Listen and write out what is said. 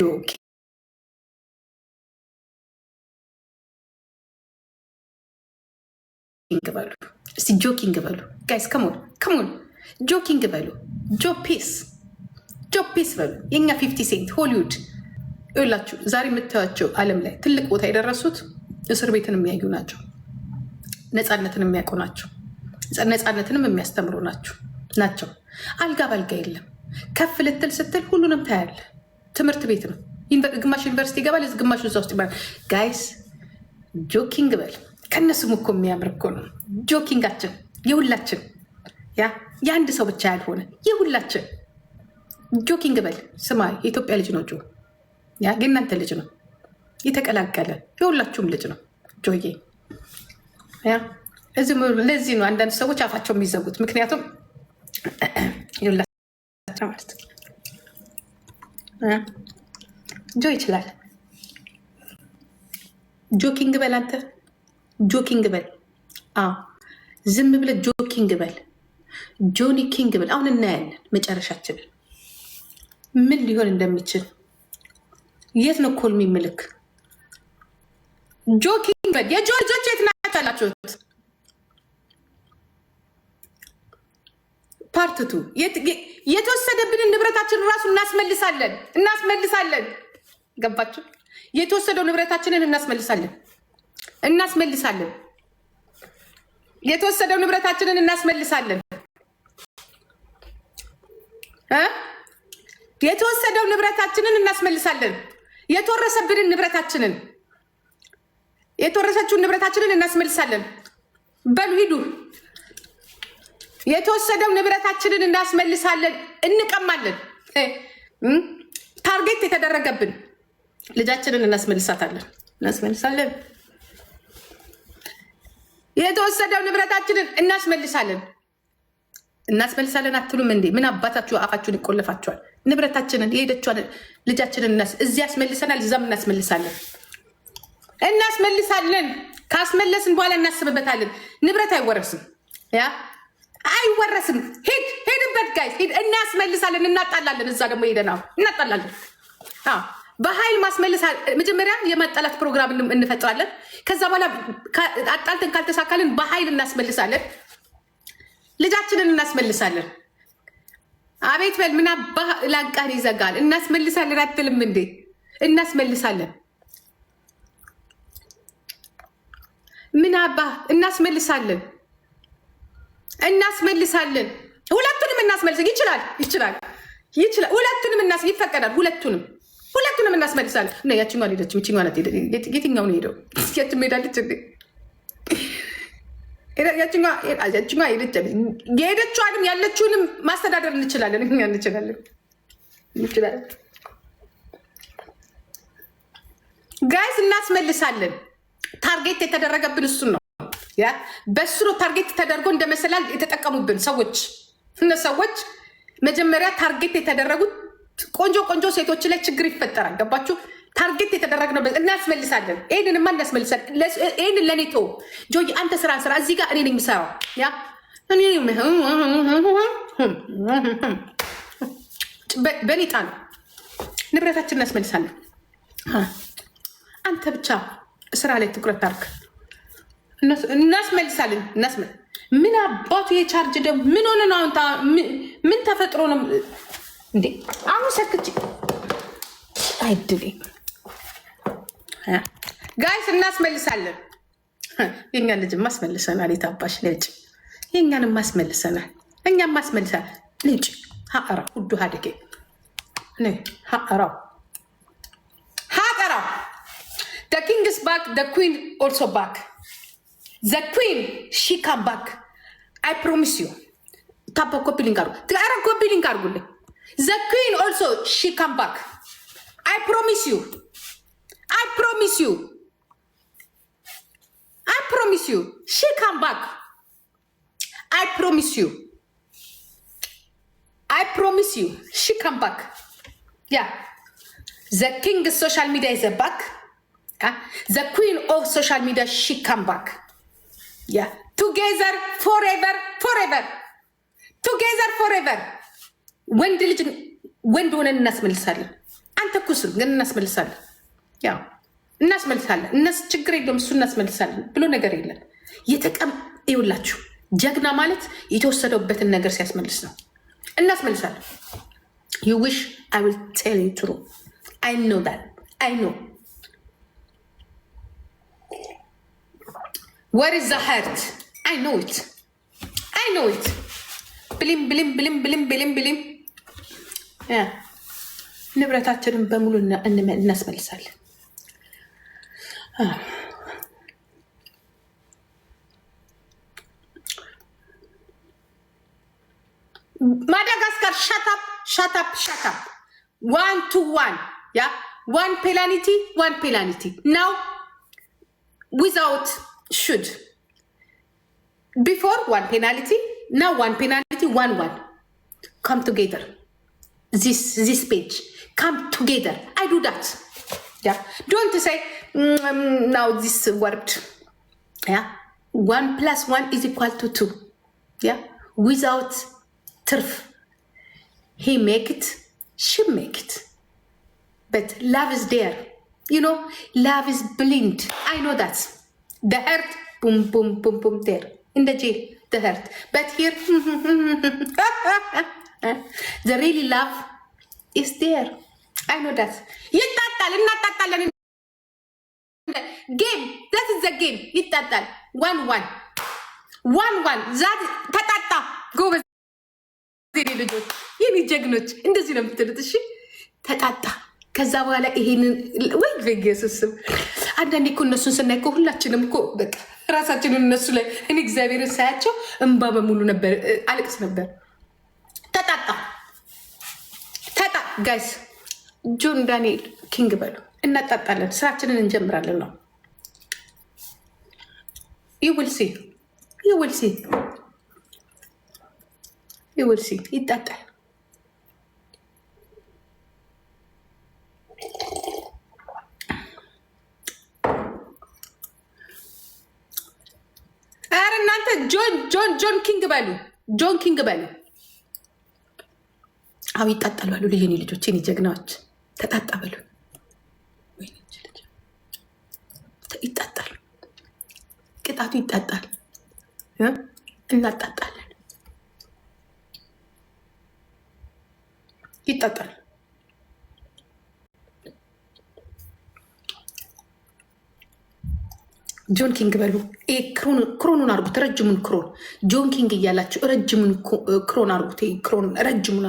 joke በሉ እስቲ ጆኪንግ በሉ ጋይስ ከሞን ከሞን ጆኪንግ በሉ ጆፔስ ጆፔስ በሉ የእኛ ፊፍቲ ሴንት ሆሊውድ ይላችሁ ዛሬ የምታዩቸው አለም ላይ ትልቅ ቦታ የደረሱት እስር ቤትን የሚያዩ ናቸው። ነፃነትን የሚያውቁ ናቸው። ነፃነትንም የሚያስተምሩ ናቸው ናቸው። አልጋ በአልጋ የለም። ከፍ ልትል ስትል ሁሉንም ታያለ። ትምህርት ቤት ነው። ግማሽ ዩኒቨርሲቲ ይገባል፣ ግማሽ እዛ ውስጥ ይባል። ጋይስ ጆኪንግ በል ከነሱም እኮ የሚያምር እኮ ነው ጆኪንጋችን የሁላችን ያ የአንድ ሰው ብቻ ያልሆነ የሁላችን ጆኪንግ በል ስማ፣ የኢትዮጵያ ልጅ ነው ጆ፣ ያ የእናንተ ልጅ ነው፣ የተቀላቀለ የሁላችሁም ልጅ ነው ጆዬ። ለዚህ ነው አንዳንድ ሰዎች አፋቸው የሚዘጉት ምክንያቱም የሁላችን ማለት ጆ ይችላል። ጆኪንግ በል አንተ ጆኪንግ በል። አዎ ዝም ብለህ ጆኪንግ በል፣ ጆኒ ኪንግ በል። አሁን እናያለን መጨረሻችንን ምን ሊሆን እንደሚችል። የት ነው ኮልሚ ምልክ? ጆኪንግ በል። የጆ ልጆች የት ናቸው ያላችሁት? ፓርትቱ የተወሰደብንን ንብረታችንን እራሱ እናስመልሳለን እናስመልሳለን። ገባችሁ? የተወሰደው ንብረታችንን እናስመልሳለን እናስመልሳለን። የተወሰደው ንብረታችንን እናስመልሳለን። የተወሰደው ንብረታችንን እናስመልሳለን። የተወረሰብንን ንብረታችንን የተወረሰችውን ንብረታችንን እናስመልሳለን። በሉ ሂዱ። የተወሰደው ንብረታችንን እናስመልሳለን፣ እንቀማለን። ታርጌት የተደረገብን ልጃችንን እናስመልሳታለን፣ እናስመልሳለን። የተወሰደው ንብረታችንን እናስመልሳለን፣ እናስመልሳለን አትሉም እንዴ? ምን አባታችሁ አፋችሁን ይቆለፋችኋል? ንብረታችንን የሄደችን ልጃችንን እዚህ ያስመልሰናል፣ እዛም እናስመልሳለን፣ እናስመልሳለን። ካስመለስን በኋላ እናስብበታለን። ንብረት አይወረስም ያ አይወረስም። ሄድ ሄድበት ጋይስ ሄድ፣ እናስመልሳለን፣ እናጣላለን። እዛ ደግሞ ሄደና እናጣላለን። በኃይል ማስመልሳ መጀመሪያ የማጣላት ፕሮግራም እንፈጥራለን። ከዛ በኋላ አጣልተን ካልተሳካልን በኃይል እናስመልሳለን። ልጃችንን እናስመልሳለን። አቤት በል ምና ላንቃህን ይዘጋል። እናስመልሳለን አትልም እንዴ? እናስመልሳለን ምናባህ እናስመልሳለን እናስመልሳለን። ሁለቱንም እናስመልስ ይችላል ይችላል ይችላል። ሁለቱንም እናስ ይፈቀዳል። ሁለቱንም ሁለቱንም እናስመልሳለን። እና ያችኛዋ ሄደች፣ ይችኛዋ ናት። የትኛው ነው ሄደው? ያች ሄዳለች። ያችኛዋ ሄደች። የሄደችዋንም ያለችውንም ማስተዳደር እንችላለን። እኛ እንችላለን እንችላለን። ጋይስ እናስመልሳለን። ታርጌት የተደረገብን እሱን ነው። ያ በሱ ነው ታርጌት ተደርጎ እንደመሰላል የተጠቀሙብን ሰዎች እነ ሰዎች መጀመሪያ ታርጌት የተደረጉት ቆንጆ ቆንጆ ሴቶች ላይ ችግር ይፈጠራል። ገባችሁ? ታርጌት የተደረግነው እናስመልሳለን። ይህንንማ እናስመልሳለን። ይህንን ለእኔ ተው ጆይ፣ አንተ ስራ ስራ። እዚህ ጋር እኔ ነኝ ያ ነው ንብረታችን እናስመልሳለን። አንተ ብቻ ስራ ላይ ትኩረት አድርግ። እናስመልሳለን። ምን አባቱ የቻርጅ ደ ምን ሆነ ነው? አሁን ምን ተፈጥሮ ነው እንዴ? አሁን ሰክች አይድል ጋይስ፣ እናስመልሳለን። የኛ ልጅ ማስመልሰናል። የታባሽ ልጭ የኛን ማስመልሰናል። እኛም ማስመልሳል ልጭ ሀቀራ ሁዱ ሀደጌ ሀቀራው ሀቀራው ደ ኪንግስ ባክ ደ ኩን ኦልሶ ባክ ዘ ኩን ሺ ካም ባክ አይ ፕሮሚስ ዩ ታፓ ኮፒ ሊንክ አርጉ ትጋራ ኮፒ ሊንክ አርጉልኝ። ዘ ኩን ኦልሶ ሺ ካም ባክ አይ ፕሮሚስ ዩ አይ ፕሮሚስ ዩ አይ ፕሮሚስ ዩ ሺ ካም ባክ አይ ፕሮሚስ ዩ አይ ፕሮሚስ ዩ ሺ ካም ባክ ያ ዘ ኪንግ ሶሻል ሚዲያ ይዘ ባክ ዘ ኩን ኦፍ ሶሻል ሚዲያ ሺ ካም ባክ ቱጌዘር ፎሬቨር ፎሬቨር ቱጌዘር ፎሬቨር። ወንድ ልጅ ወንድ ሆነን እናስመልሳለን። አንተ ኩስ ግን እናስመልሳለን፣ ያው እናስመልሳለን። እነሱ ችግር የለም እሱ እናስመልሳለን ብሎ ነገር የለም። የተቀም ይውላችሁ ጀግና ማለት የተወሰደበትን ነገር ሲያስመልስ ነው። እናስመልሳለን። ዩ ዊሽ አይ ዊል ቴል ዩ ትሩ አይ ኖ ዳት አይ ኖ ወር ዛ ሀርት አይ ኖ ኢት አይ ኖ ኢት ብሊም ብሊም ብሊም ብሊም ብሊም ብሊም ንብረታችንን በሙሉ እናስመልሳለን። ማዳጋስካር ሻታፕ ሻታፕ ሻታፕ ዋን ቱ ዋን ያ ዋን ፔላኒቲ ዋን ፔናልቲ ናው ዊዛውት should. Before one penalty, now one penalty, one one. Come together. This this page. Come together. I do that. Yeah. Don't say mm, um, now this worked. Yeah. One plus one is equal to two. Yeah. Without turf. He make it. She make it. But love is there. You know, love is blind. I know that. The heart, boom, boom, boom, boom, there. In the jail, the heart. But here, the really love is there. I know that. ይታጣል፣ እናጣጣለን። ጌም ዛት ዘ ጌም ይታጣል። ዋን ዋን ዋን ዋን ዛት ተጣጣ። ጎበዝ ልጆች፣ የኔ ጀግኖች እንደዚህ ነው የምትሉት። እሺ ተጣጣ። ከዛ በኋላ ይሄንን ወይ በኢየሱስ ስም አንዳንዴ እኮ እነሱን ስናይ ሁላችንም እኮ በቃ ራሳችንን እነሱ ላይ እኔ እግዚአብሔርን ሳያቸው እንባ በሙሉ ነበር፣ አልቅስ ነበር። ተጣጣ ተጣ ጋይስ ጆን ዳንኤል ኪንግ በሉ እናጣጣለን። ስራችንን እንጀምራለን ነው ይውልሲ ይውልሲ ይውልሲ ይጣጣል። ጆን ጆን ጆን ኪንግ በሉ፣ ጆን ኪንግ በሉ። አዎ ይጣጣል አሉ። ልየኔ ልጆች የኔ ጀግናዎች ተጣጣ በሉ፣ ይጣጣሉ። ቅጣቱ ይጣጣል። እናጣጣለን፣ ይጣጣል ጆን ኪንግ በሉ። ክሮኑን አርጉት፣ ረጅሙን ክሮን ጆን ኪንግ እያላችሁ ረጅሙን ክሮን አርጉት። ክሮን ረጅሙን